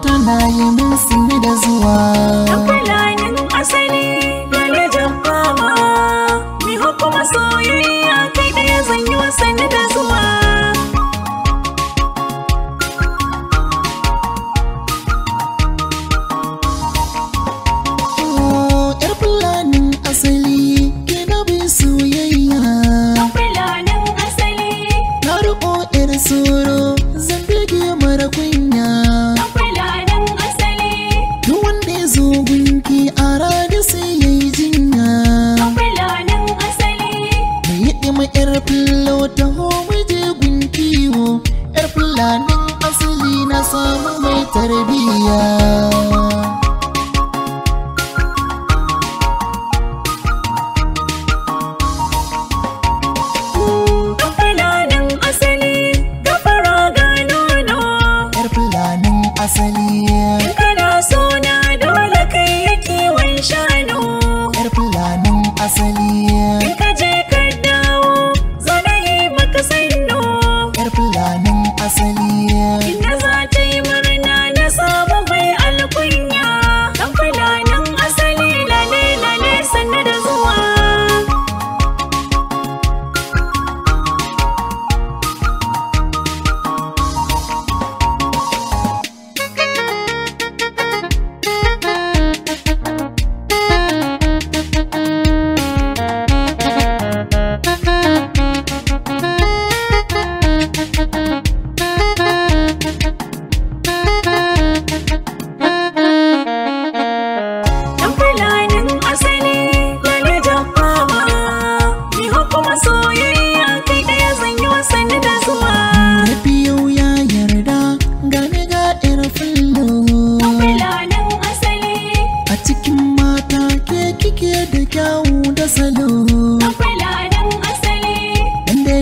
tana yi min sumi da zuwa layin asali da na ma. Mi hukuma soyayya kai da ya zanyi wasanni da zuwa ya zo gunki a rani sai ya yi jinya. Kwafila asali. Mai yi ɗima 'yar fillo ta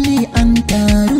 hankali an taru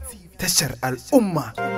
tashar al'umma.